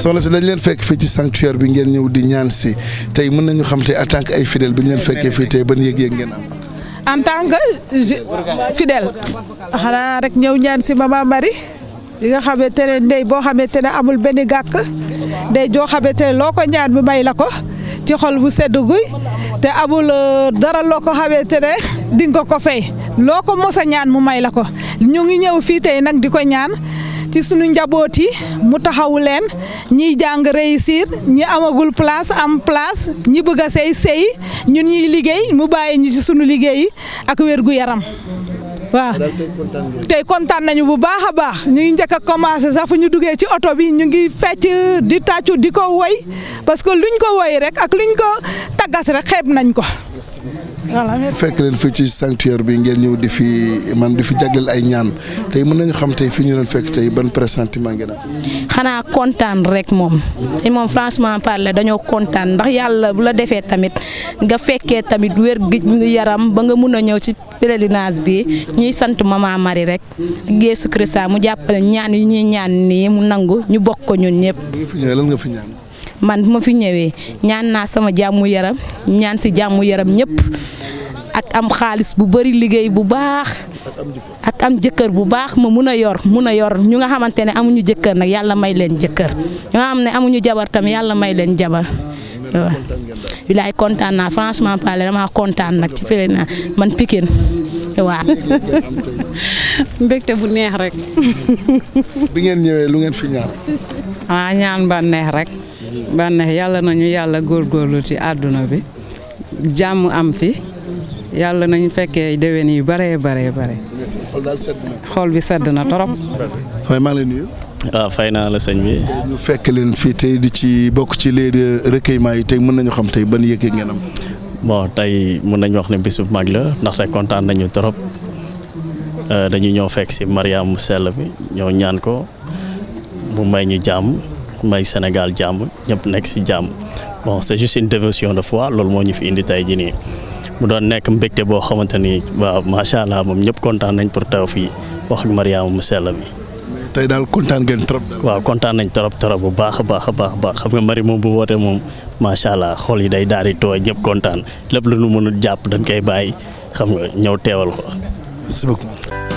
soxna si dañ leen fekk fii ci sanctuaire bi ngeen ñëw di ñaan si tey mën nañu xam te en tant que ay fidel bi ñu leen fekkee fii tey ban yëg-yëg ngeen am. en tant que fidèle xanaa rek ñëw ñaan si Mama Marie li nga xamante ne ndey boo xamante ne amul benn gàkk ndey joo xamante ne loo ko ñaan bi may la ko ci xol bu sedd guy te amul euh, dara loo ko xamante ne di nga ko fay loo ko mos a ñaan mu may la ko ñu ngi ñëw fii tey nag di ko ñaan. ci suñu njaboot yi mu taxawu leen ñiy jàng réussir ñi amagul place am place ñi bëgg a sey sey ñu ñuy liggéey mu bàyyi ñu ci suñu liggéey ak wér gu yaram waaw tey kontaan nañu bu baax a baax ñu ngi njëkk a commencé sax fu ñu duggee ci oto bi ñu ngi fecc di tàccu di ko woy parce que luñ ko woy rek ak luñ ko taggas rek xeeb nañ ko fekk leen fii ci sanctuaire bi ngeen ñëw di fi man di fi jagleel ay ñaan tey mën nañu xam tey fi ñu leen fekk tey ban pressentiment ngeen am. xanaa kontaan rek moom te moom franchement parler dañoo kontaan ndax yàlla bu la defee tamit nga fekkee tamit wér gi yaram ba nga mun a ñëw ci pèlerinage bi ñuy sant ma maman Marie rek Yeesu Krista mu jàppale ñaan yi ñuy ñaan nii mu nangu ñu bokk ko ñun ñëpp. lan nga fi ñaan. man bu ma fi ñëwee ñaan naa sama jàmmu yaram ñaan si jàmmu yaram ñëpp. ak am xaalis bu bari liggéey bu baax ak am jëkkër bu baax ma mun a yor mun a yor ñu nga xamante ne amuñu jëkkër nag yàlla may leen jëkkër ñu nga xam ne amuñu jabar tam yàlla may leen jabar waaw wilaay kontaan naa franchement parler kontaan nag ci firi naa man Pikine waaw bu neex rek bi lu ngeen fi ñaan ah ñaan ba neex rek ba neex yàlla nañu yàlla góor góorgóorlu ci àdduna bi jàmm am fi yàlla nañu fekkee déwén yu bare bare bare. xool daal sedd na. xol bi sedd na trop. waaye maa ngi lay ah, fay naa la sëñ bi. ñu fekk leen fii tey di ci bokk ci les recueillement yi tey mën nañu xam tey ba yëg ngeen am. bon tey mën nañu wax ne bis bu mag la ndaxte kontaan nañu trop euh, dañu ñëw fekk si Mariama sell bi ñoo ñaan ko mu may ñu jàmm may Sénégal jàmm ñëpp nekk si jàmm bon c'est juste dévotion de foi loolu moo ñu fi indi tey jii nii. mu doon nekk mbégte boo xamante ni waaw macha allah moom ñëpp kontaan nañ pour taw fii wax ak Mariama mu sell mi. tey daal kontaan ngeen trop. waaw kontaan nañ trop trop bu baax a baax a baax baax xam nga Mari moom bu wootee moom macha allah xool yi day daal di tooy ñëpp kontaan lépp lu nu mënul jàpp dañ koy bàyyi xam nga ñëw teewal ko.